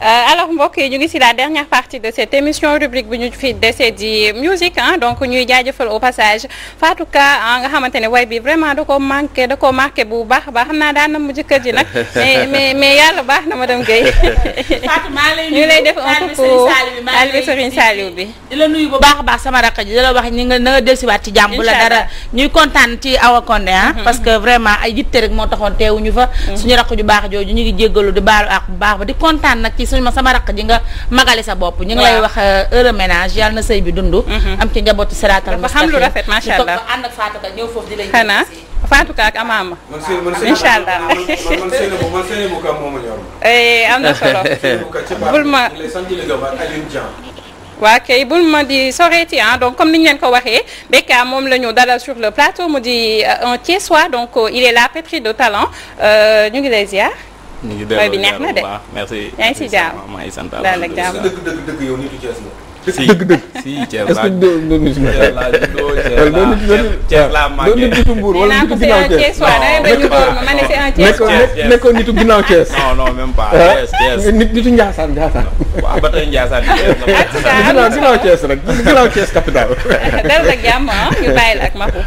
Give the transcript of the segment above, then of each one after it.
Euh, alors mbokk yi ñu ngi si la dernière partie de cette émission rubrique bi ñu fi dese di musique ah donc ñuy jaajëfal au passage Fatou Ka ah, nga xamante ne way bi vraiment da koo manqué da koo marqué bu baax a baax xam naa daan na mu jëkkër ji nag mais mais mais yàlla baax na madame Guèye. Fatou maa lay nuyu lay def un coucou Aliou Serigne bi di la nuyu bu baax a baax sama raq ji di la wax ni nga na nga dellusiwaat ci jàmm. la dara ñuy kontaan ci Awa Condé ah. Mm-hmm. parce que vraiment ay yitte rek moo taxoon teewuñu fa. Mm-hmm. suñu rakk ju baax jooju ñu ngi jéggalu di baalu ak bu baax ba di kontaan nag ci suñ ma sama raq ji nga magale sa bopp ñu ngi lay wax euh, heureux ménage yàlla na sëy bi dund mm-hmm. am ci njabootu siraatal mustaqim ñu toog ba ànd ak Fatou Ka foofu di lay xanaa Fatou Ka ak Amama incha allah a ñor eh, am na solo bul ma waa kay bul ma di soreeti ah, donc comme ni ñu leen ko waxee Beka moom la ñu dalal sur le plateau mu di euh, un Thiessois donc euh, il est là pétri de talent ñu ngi lay ñu ngi delloo bi neex na de merci. yaa ngi si jàmm maa ngi sant alhamdulilah dëgg dëgg dëgg yow nitu Thiès nga. dëgg dëgg. si Thiel laa doon nitu mbuur wala nitu ginnaaw Thiès waaw nekkoon nitu ginnaaw Thiès. non non même pas ah, Thiès nit nitu Ndiassane Ndiassane. waaw ba tey Ndiassane ginnaaw Thiès rek ginnaaw Thiès capital. dal ak jàmm ah, ñu bàyyi la ak Mapou.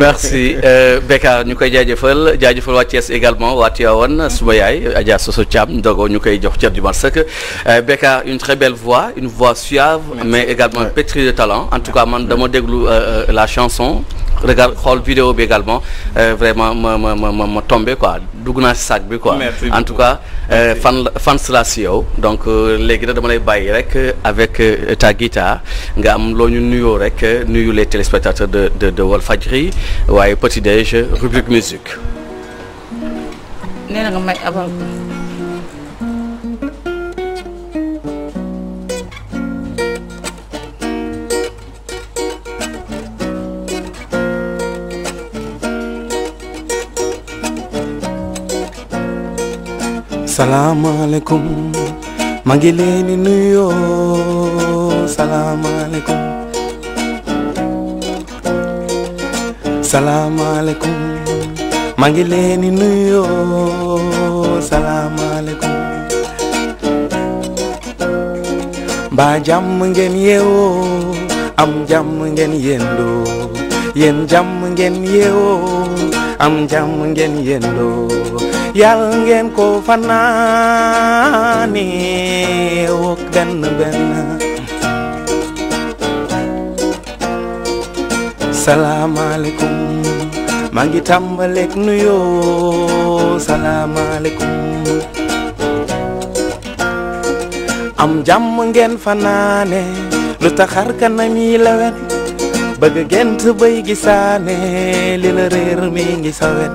merci euh, Bekka ñu koy jaajëfal jaajëfal waa Thiès également waa Tivaouane suma yaay Adja Soso Thiam Ndogo ñu koy jox cër ju mat sëkk euh, Bekka une très belle voix une voix suave. mais également pétri de talent en tout cas man dama déglu euh, euh, la chanson regarde xool vidéo bi également euh, vraiment ma ma ma ma tombé quoi dugg naa si sac bi quoi. en tout cas fan fan la si yow. donc léegi nag dama lay bàyyi rek avec ta guitare nga am loo ñu nuyoo rek nuyu les téléspectateurs de de de Walfadjri waaye petit déj rubrique musique. salaamaaleykum ma ngi leen di nuyoo salaamaaleykum salaamaaleykum ma ngi leen di nuyoo salaamaaleykum mbaa jàmm ngeen yeewoo am jàmm ngeen yendoo yéen jàmm ngeen yeewoo am jàmm ngeen yendoo yàlla ngeen ko fanaane wok benn benn salaamaaleykum maa ngi tàmbaleeg nuyoo salaamaaleykum am jàmm ngeen fanaane lu taxar kanam yi lawet bëgg gent bay gisaane li la réer mi ngi sawet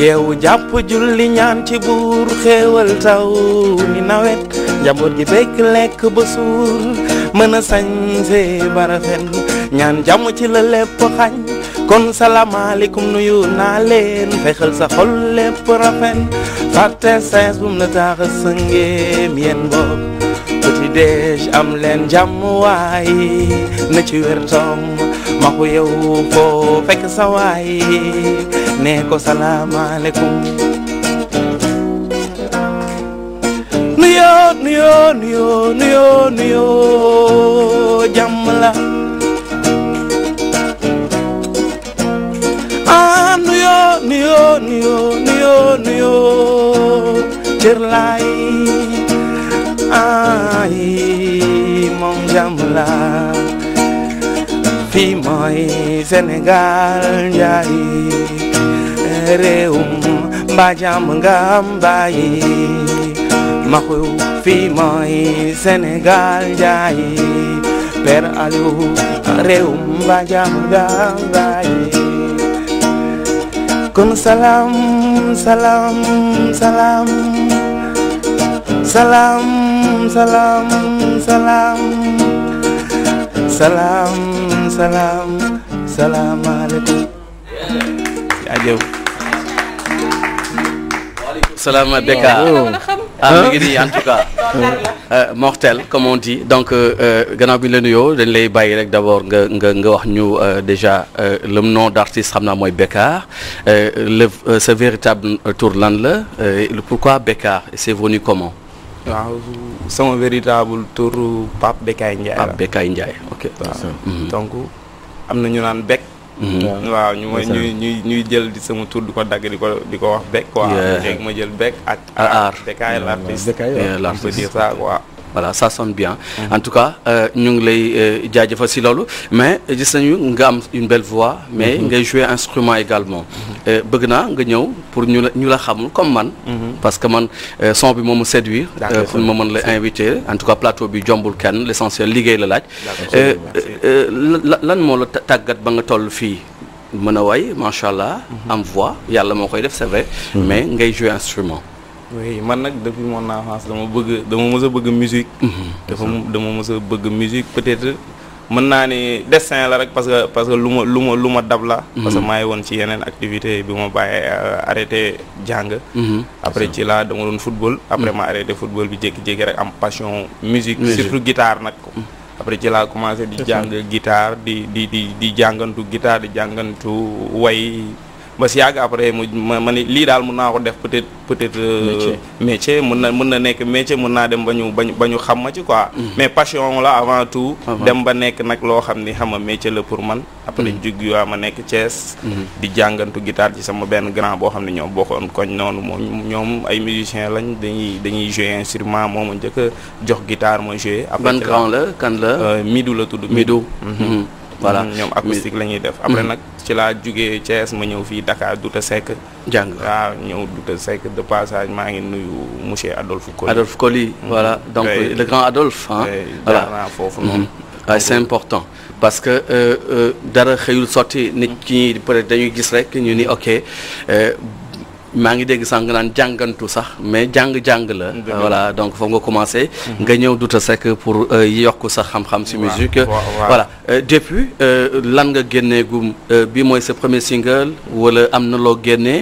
yeewu jàpp julli ñaan ci buur xéewal taw ni nawet njaboot gi bekk lekk ba suur mën a sañse barafen ñaan jàmm ci la lépp xañ kon salaamaaleykum nuyu naa leen fexeel sa xol lépp rafen fàtte sees bum na taax a sëngeem yéen bopp petit am leen jàmm waay na ci wér toom maxu yow foo fekk sa waay ne ko salaamaaleykum nuyoo nuyoo nuyoo nuyoo nuyoo Sénégal njaay réewum mbaa jàmm nga mbaayi ma xew fii mooy Sénégal njaay Père Aliou réewum mbaa jàmm nga mbaayi kon salaam salaam salaam salaam salaam salaam salaam salaam salaamaaleykum. jaajëf. salaamaaleykum Beka. ah mi ngi nii en euh, mortel comme on dit donc euh, euh, gannaaw bi ñu la nuyoo dañ lay bàyyi rek d' abord nga nga wax ñu déjà le nom d' xam naa mooy Beka le sa véritable tour lan la pourquoi Beka c' est venu comment. waaw véritable tour Pape Bekaay Ndiaye la Pape Bekaay Ndiaye am na ñu naan bekk mhm. waaw ñu ma ñuy ñuy jël di sama tur di ko dagg di ko di ko wax bekk quoi léegi ma jël bekk ak aar décaille l'artiste on peut dire ça quoi voilà ça sonne bien. en tout cas euh, ñu ngi lay euh, jaajëfal si loolu mais gis nañu nga am une belle voix. mais mhm. ngay jouer instrument également. Mhm. Euh, bëgg naa nga ñëw pour ñu la ñu la xamul comme man. Mhm. parce que man son bi moom mu séduire. pour ma mën la invité en tout cas plateau bi jombul kenn l'essentiel liggéey la laaj. lan moo la tàggat ba nga toll fii. mën a way macha allah. am voix yàlla moo koy def c'est vrai. mais ngay jouer instrument. oui man nag moon naa enfance dama bëgg dama mës a bëgg musique. Mhm, dafa dama mës bëgg musique peut mën naa ni destin la rek parce que parce que lu ma lu ma lu ma dab la. Mhm. parce que maa ngi woon ci yeneen activité bi ma bàyyee euh, arrêté jàng. Mhm, après ci laa dama doon football. après ma arrêté football bi jékki-jékki rek am passion musique. surtout guitare nag. après ci laa commencé di jàng guitare di di di di jàngantu guitare di jàngantu way. ba si yàgg après mu ma ma lii daal mun naa ko def peut-être peut-être. Euh, mun na mun na nekk métier mun naa dem ba ñu ba ba ñu xam ma ci quoi. Mm-hmm. mais passion la avant tout. dem ba nekk nag loo xam ni xam nga métier la pour man. après mm-hmm. jug yu ma nekk Thiès. Mm-hmm. di jàngantu guitare ci sama benn grand boo xam ne ñoom bokkoon koñ noonu moom ñoom ay musiciens lañ dañuy dañuy jouer instrument moom njëkk jox guitare ma jouer. ab ban grand la kan la. Euh, la tudd Midou. voilà mm, ñoom acoustique la ñuy def. après mm. nag ci laa jugee Thiès ma ñëw fii Dakar Douta Seck. jàng waaw ñëw Douta Seck de passage maa ngi nuyu monsieur Adolphe Coly. Adolphe Coly mm. voilà donc le grand Adolphe ah. voilà foofu noonu. waaw mm-hmm. ah, c'est important parce que euh, euh, dara xëyul sotti. nit ki peut-être dañuy gis rek ñu ni ok. Euh, maa ngi dégg sànq naan jàngantu sax mais jàng-jàng la voilà donc foofu nga commencé nga ñëw Douta Seck pour euh, yokk sa xam-xam si musique voilà euh, depuis euh, lan nga génneegum bi mooy sa premier single wala am na loo génne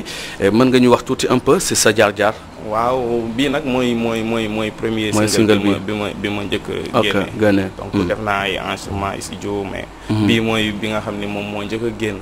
mën nga ñu wax tuuti un peu si sa jaar-jaar waaw bi nag mooy mooy mooy mooy premier single bi bi ma bi ma njëkk a génne donc hmm. def naa ay enregistrement studio mais hmm. bii mooy bi nga xam ni moom moo njëkk a génn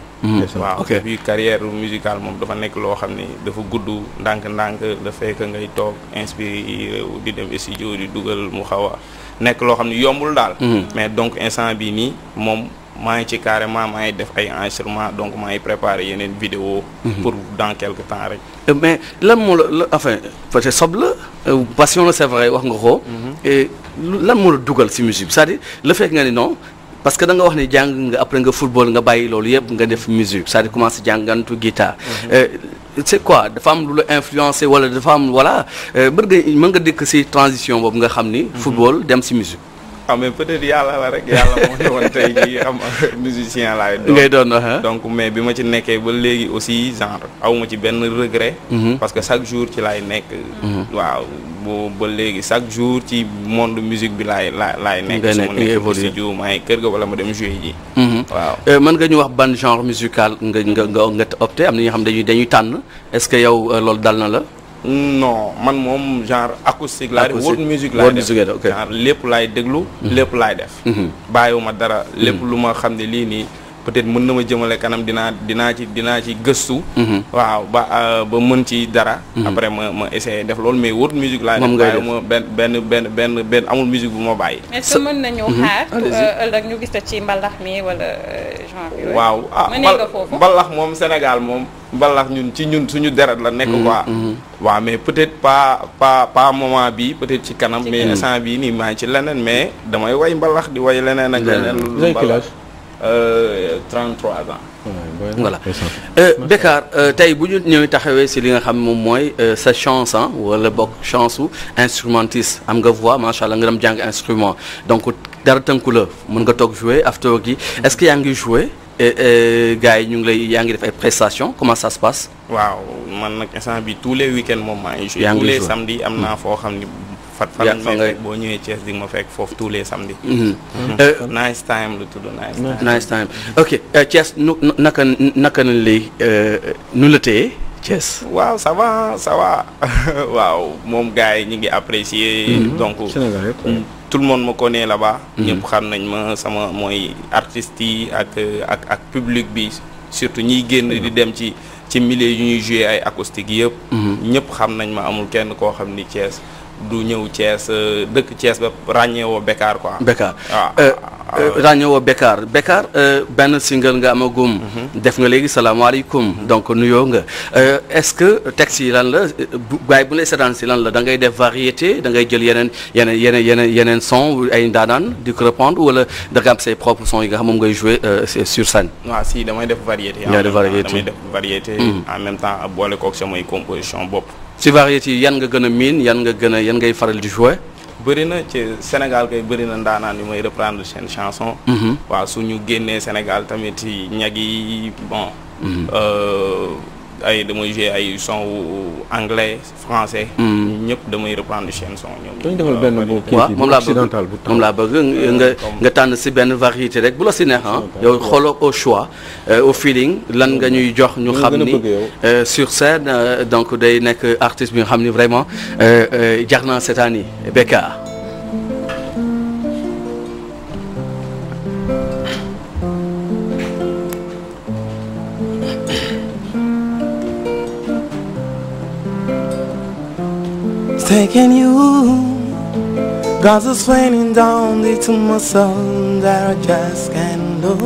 waaw hmm. bii carrière musicale moom dafa nekk loo xam ni dafa gudd ndànk-ndànk dafay que ngay toog inspiré di dem studio di dugal mu xaw a nekk loo xam ni yombul daal mais donc instant bi nii moom maa ngi ci carrément maa ngi def ay enregistrement donc maa ngi préparé yeneen vidéo mhm. pour dans quelque temps rek. Euh, mais lan moo la enfin parce que sob la euh, passion la c'est vrai wax nga ko. Mhm. lan moo la dugal ci musique c'est-à-dire le fait nga ni non. parce que da nga wax ni jàng après nga football nga bàyyi loolu yëpp nga def musique c'est-à-dire commencé jàngantu guitare. Mhm. Euh, c'est quoi dafa am lu la influencé wala dafa am voilà mën nga mën nga dëkk si transition boobu nga xam ni. football dem ci xam nga peut-être yàlla la rek yàlla moo ne woon tey xam musicien laay doon donc mais bi ma ci nekkee ba léegi aussi genre aw ma ci benn regret. Mhm. parce que chaque jour ci laay nekk. Mhm. waaw boo ba léegi chaque jour ci monde musique bi laay la laay nekk. nga nekk nga évolué studio maay kër ga wala ma dem jouer ji. Mhm. waaw euh, nga ñu wax ban genre musical nga nga nga nga opté am na ñoo xam dañuy dañuy tànn est-ce que yow euh, loolu dal na la. non man moom genre acoustique laay def world music laay def genre lépp laay déglu mhm. lépp laay def mhm. bàyyiwuma dara lépp mhm. lu ma xam ne lii nii peut-être mën na ma jëmale kanam dinaa dinaa ci dinaa ci gëstu. Mhm. waaw ba euh, ba mën ci dara. Mhm. après ma ma def loolu mais wot musique laa. moom ngay ma benn benn benn benn benn amul musique bu ma bàyyi. mais su mën nañu mhm. xaar. Euh, ëllëg ñu gis ci mbalax mi wala euh, genre. waaw ah mbalax moom Sénégal moom. mbalax ñun ci ñun suñu deret la nekk quoi. waaw mais peut-être pas pas pas moment bi peut-être ci kanam. mais instant bii nii maa ngi ci leneen mais damay woy mbalax di way leneen ak leneen. lu mbalax 33 euh, ans. voilà euh, Bécaye euh, tey bu ñu ñëwee taxawee si li nga xam moom mooy sa chance ah wala bokk chance su instrumentiste am nga voix macha allah nga dem jàng instrument donc dara tënku la mën nga toog jouer after gi est-ce que yaa ngi jouer gars yi ñu ngi lay yaa ngi def ay prestations comment ça se waaw man nag instant bi tous les week-ends moom maa ngi jouer tous les samedis am naa hmm. foo xam ni. fan fan boo ñëwee Thiès di ma fekk foofu tous les samedis. Mm-hmm. Mm-hmm. Mm-hmm. Eh, nice time lu tudd nice time. nice time ok eh, Thiès nu naka naka na lay eh, nu la téye Thiès. waaw ça va waaw moom gars yi ñu ngi apprécier. donc tout le monde me connaît là-bas. ñëpp xam nañ ma sama mooy artistes yi ak ak ak public bi surtout ñiy génn di dem ci ci millier yu ñuy jouer ay acoustique yëpp. ñëpp xam nañ ma amul kenn koo xam ni Thiès. du ñëw Thiès euh, dëkk Thiès ba ràññeewoo Bekar quoi. Bekar waaw ah. euh, euh, ràññeewoo Bekar Bekar benn single nga amagum. Mhm. def nga léegi salaamaaleykum. Mhm. donc nuyoo nga est-ce que texte yi lan la bu gaay bu lay seetaan si lan la da ngay def variété da ngay jël yeneen yeneen yeneen yeneen yeneen son ay ndaanaan di ko répondre wala da nga am say propres son yi nga xam moom ngay jouer sur scène. si damay def variété. damay def ah, variété mhm. en même temps boole koog mooy composition bopp. ci variété yi yan nga gën a miin yan nga gën a yan ngay faral di jouer. bëri na ci Sénégal kay bëri na ndaanaan yu may reprendre seen chanson. Mhm. waaw su ñu génnee Sénégal tamit yi ñag yi bon. Mhm. Euh, ay damay jouer ay son anglais français. Mm. ñëpp damay reprendre chaîne son ñoom. dañu defal benn bu kii moom laa bëgg moom nga tànn si benn variété rek bu la si neexam ah. yow xooloo au choix euh, au feeling lan nga ñuy jox ñu xam ni euh, sur scène euh, donc day nekk artiste bi nga xam ni vraiment jar naa seetaan yi Bécaye taking you Cause it's raining down into my soul that I just can't look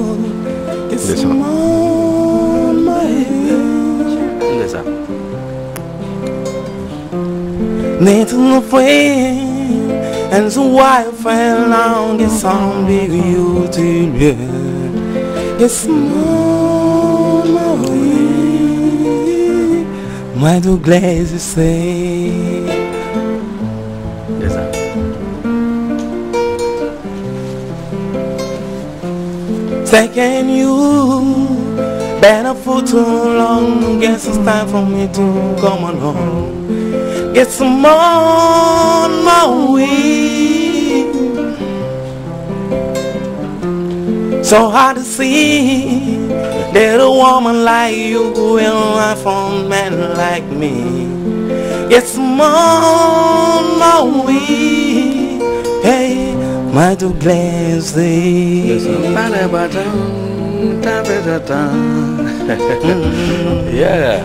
It's Listen. on my head Listen. Need to know And so why fell down this song big you to yeah It's on my way My two glazes say Taking you Been up for long Guess it's time for me to on home Get some on my way So hard to see woman like you Will run from men like me Get some on my want to bless thee. yeah.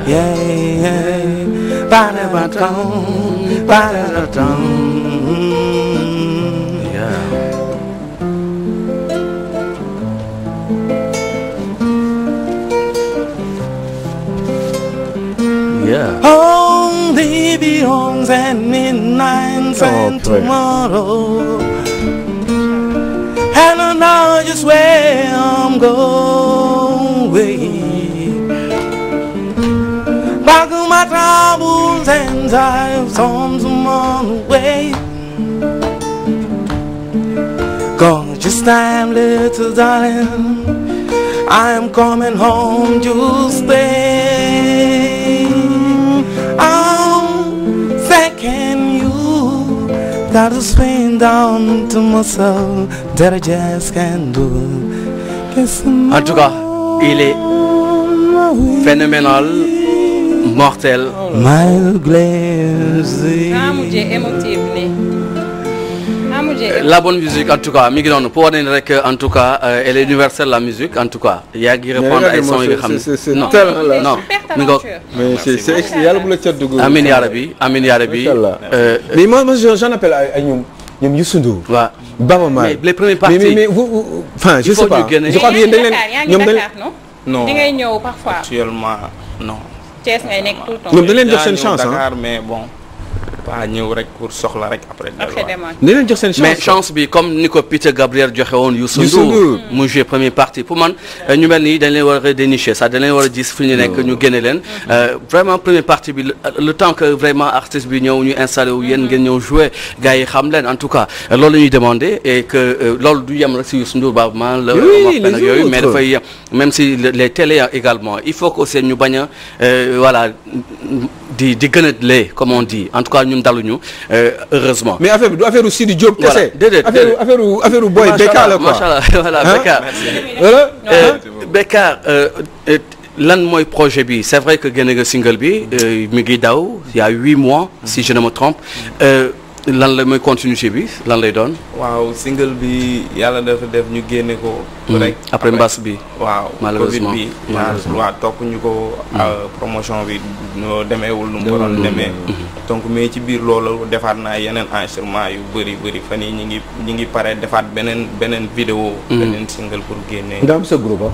Yeah, yeah. Ba-da-ba-dum, ba-da-da-dum. Yeah. Only beyond and in nines oh, and prayer. tomorrow. know just where I'm going. Back of my troubles and I have storms along the just time, little darling. I am coming home to Dardos weighing down to muscle that I just can't do. En tout cas, il est phénoménal, mortel. Mal glazed. la bonne musique en tout cas mi ngi noonu pour wane ni rek en tout cas euh, elle est universelle la musique en tout cas. yaa ngi répondre ay son yi nga xam ne non non mi nga. mais c' est yàlla bu la ca dugg. amiin yaa rabbi amiin yaa rabbi. Euh, mais moi moi j' en appelle ay ñoom ñoom Youssou Ndour. waaw Baba Maal mais les premiers parties mais mais vous enfin je sais pas je crois que yéen dañ leen ñoom dañ non di ngay ñëw parfois actuellement non. Thiès ngay nekk tout le temps ñoom dañ leen jox seen chance ah mais bon. pas ñëw rek pour soxla rek ni chance bi comme ni ko Peter Gabriel joxe woon Youssou Ndour mu joué premier partie pour man euh, ñu mel nii dañ leen war a dénicher ça dañ leen war a gis fu ñu nekk ñu génne leen euh, vraiment bi le temps que vraiment artiste bi ñëw ñu installé wu ngeen ñëw joué gars yi en tout cas euh, loolu la ñuy et que du yem rek si Youssou Ndour Baaba Maal la pen ak yooyu mais si les télé également il faut que aussi ñu bañ di di gën comme on ñun daluñu euh, heureusement. mais affaire bi du affaire Sidi Diop. voilà déedéet Bekka la lan mooy projet bi c'est vrai que génne nga single bi euh, mi ngi daw il a huit mois si je ne me euh, lan la mooy continuité bi lan lay doon. waaw single bi yàlla dafa def ñu génne ko. Hmm. après mbas bi. waaw malheureusement Covid ñu ko. promotion bi noo demeewul nu mu waroon demee. donc mais ci biir loolu defaat naa yeneen enregistrement yu bëri bëri fan yii ñu ngi ñu ngi pare defaat beneen beneen vidéo mm. beneen single pour génnee. nga am sa groupe ah?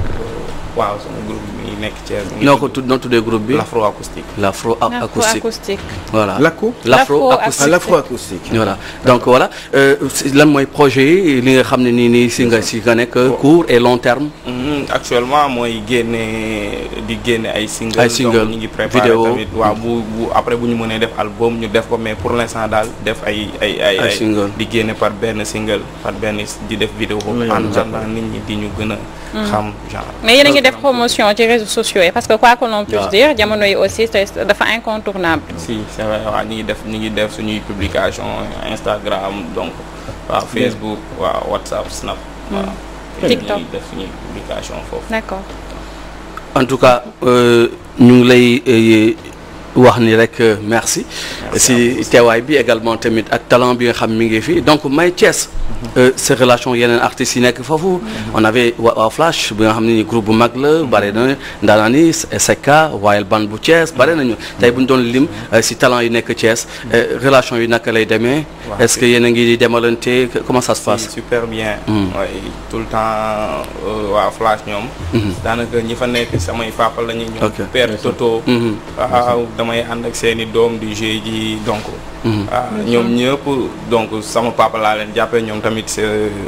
waaw sama groupe mi nekk Thiès. noo ko tudd noo tuddee groupe bi. l'afro acoustique. l'afro acoustique voilà. l'afro l'afro acoustique l'afro acoustique. voilà donc voilà euh, lan mooy projet yi li nga xam ne nii nii si nga si nga nekk court et long terme. Mm-hmm. actuellement mooy génne di génne ay single. ay single ngi préparé tamit waaw bu bu après bu ñu mënee def album ñu def ko mais pour l'instant daal def ay ay ay. single di génne par benn single par benn di def vidéo. en attendant nit ñi di ñu gën a. Mm. xam genre. def promotion ci réseaux sociaux parce que quoi que l'on dire jamono yi aussi dafa incontournable. si c'est vrai waaw ñu ngi def ñu ngi def suñuy publication Instagram donc waaw Facebook waaw WhatsApp Snap. Mm. TikTok en tout cas euh, ñu ngi lay. Euh, wax ni rek euh, merci si teewaay bi également tamit ak talent bi nga xam mi ngi fi donc may Thiès mhm. euh, sa relation yeneen artistes yi nekk foofu mhm. on avait waa Flash bi nga xam ne groupe bu mag la mhm. bare na ndaanaa ni Secka Royal Band bu Thiès bare nañu tey bu ñu doon lim euh, si talent yi nekk Thiès relation yi naka lay demee est-ce que yéen a ngi demalante comment ça se passe super bien tout le temps waa Flash ñoom Toto ah, damay ànd ak seen i doom di jouer ji donc. waaw mhm. ah, ñoom ñëpp donc sama papa laa leen jàppee ñoom tamit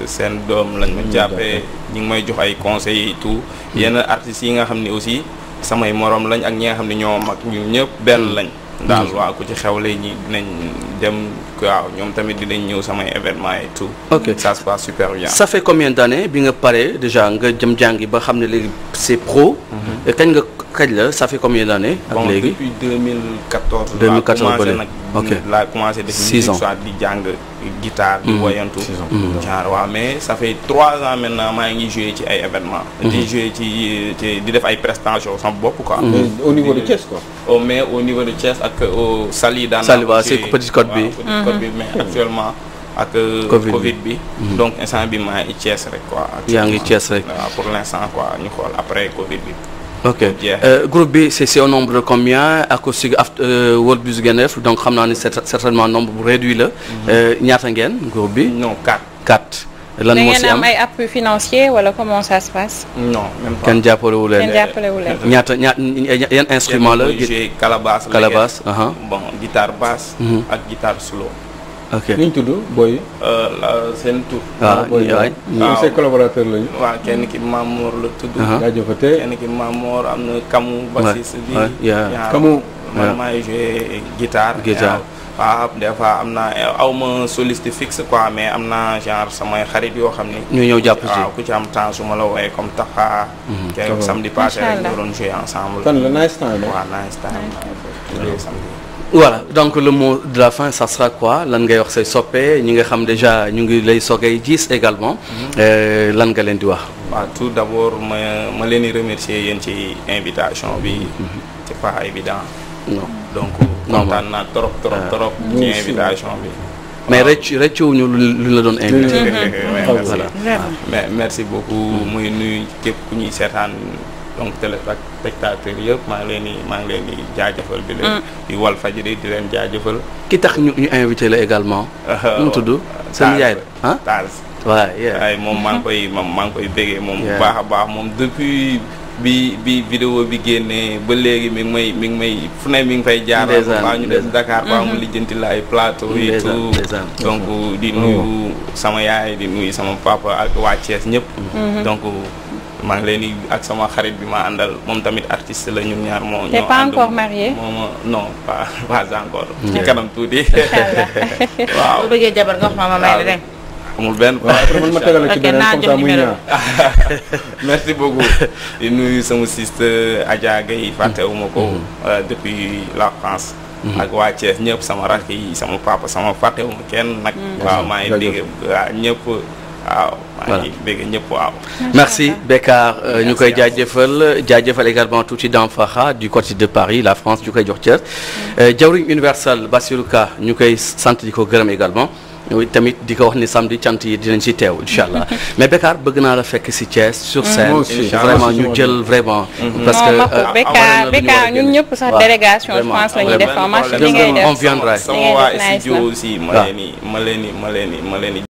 seen doom lañ ma mhm, jàppee ñu ngi may jox ay conseils et tout mhm. yenn artistes yi nga xam ni aussi samay morom lañ ak ñi nga xam ne ñoo mag ñu ñëpp benn lañ. daal waaw ku ci xewle ñi dinañ dem waaw ñoom tamit dinañ ñëw samay événement et tout. sa ça se passe super bien. ça fait combien d'années bi nga paree déjà nga jëm yi ba xam ne léegi c'est pro. Mhm. kañ nga kañ la ça fait combien d'années. ak léegi bon depuis 2014. 2014 la commencé nag. ok laa commencé def. 6 ans di jàng. guitare di mm. woyantu genre mm. mm. waa mais sa fait trois ans maintenant maa ngi joué ci ay événements mm-hmm. di ci def ay prestations sama bopp quoi mm-hmm. au niveau de Thiès quoi oh mais au niveau de Thiès ak euh, Saly daan Saly waaw c'est bi Petite Côte bi mm-hmm. ak euh, Covid bi donc instant bi maa ngi Thiès rek quoi yaa ngi Thiès rek waaw pour l'instant quoi ñu xool après Covid bi ok euh, groupe bi c' au nombre de combien acoustique euh, world music donc xam naa ne certainement nombre bu réduit la. Mm-hmm. Euh, ñaata ngeen groupe bi. non quatre quatre. lan moo si am ay appui financier wala comment ça se passe. non même pas kenn jàppalewu leen kenn jàppalewu leen. ñaata ñaata yan instrument la. kalabaas. kalabaas. Uh-huh. bon guitare basse. Mm-hmm. ak guitare solo. ok ni ñu tudd booy. Euh, seen tur. waaw booy waay waaw seen collaborateur waaw kenn ki Mamour la tudd. jaajëfatee kenn ki Mamour am na Kamu. bassiste bi waaw Kamu. man maay joué guitare. guitare waaw des fois am naa aw ma soliste fixe quoi mais am naa genre samay xarit yoo xam ni. ñu ñëw jàpp ci waaw ku ci am temps su ma la wooyee comme Tafa. Mhm. keroog samedi passé rek ñu doon joué ensemble. fan la nice time waaw nice time. samedi. voilà donc le mot de la fin ça sera lan ngay wax say soppe ñi nga xam déjà ñu ngi lay soogay gis également mm-hmm. euh, lan nga leen di wax. waaw tout d'abord ma ma leen di remercier yéen ci invitation bi. Mm-hmm. c'est pas évident. non donc kontaan naa trop trop ah. trop. ci invitation bi. mais rëcc rëccuwuñu luñ la doon mm-hmm. invité. Ah, voilà merci beaucoup. muy nuyu képp ku ñuy seetaan donc téléspect spectateurs yëpp maa ngi leen di maa ngi leen di jaajëfal. di leen mm. di wal fajiri di leen jëfal ki tax ñu ñu invité la également. Euh, nu mu tudd seen yaay la moom maa ngi koy moom moom baax a baax moom depuis bi bi vidéo bi génnee ba léegi mi ngi mi ngi may fu ne mi ngi fay jaar baa mu mm-hmm. lijjanti la ay plateau et di mm-hmm. nuyu sama yaay di nuyu sama papa ak waa Thiès ñëpp mm-hmm. donc maa ngi leen di ak sama xarit bi ma àndal moom tamit artist la ñun ñaar moo. ñoo pas encore moom non pas pas encore. ci kanam tuuti. waaw bëggee jabar nga wax ma may la benn waaw ci beneen comme merci beaucoup nuyu sama sister Adja Gaye mm. fàttewuma ko mm. euh, depuis la France mm. ak waa Thiès ñëpp sama rakk yi sama papa sama fàttewuma nag waaw maa ngi dégg waaw voilà bëgg ñëpp waaw. merci Bécar euh, ñu koy jaajëfal jaajëfal également tuuti Dame Farah du côté de Paris la France ñu koy jox cër. Euh, jawriñ universel Bassirou Ka ñu koy sant di ko gërëm également. tamit di ko wax ni samedi cant yi dinañ ci teew incha allah mais Bécar bëgg naa la fekk si Thiès sur mm-hmm. scène vraiment ñu jël vraiment mm-hmm. parce que euh, Bécar ñun ñëpp sax délégation je pense la ma leen ma leen ma leen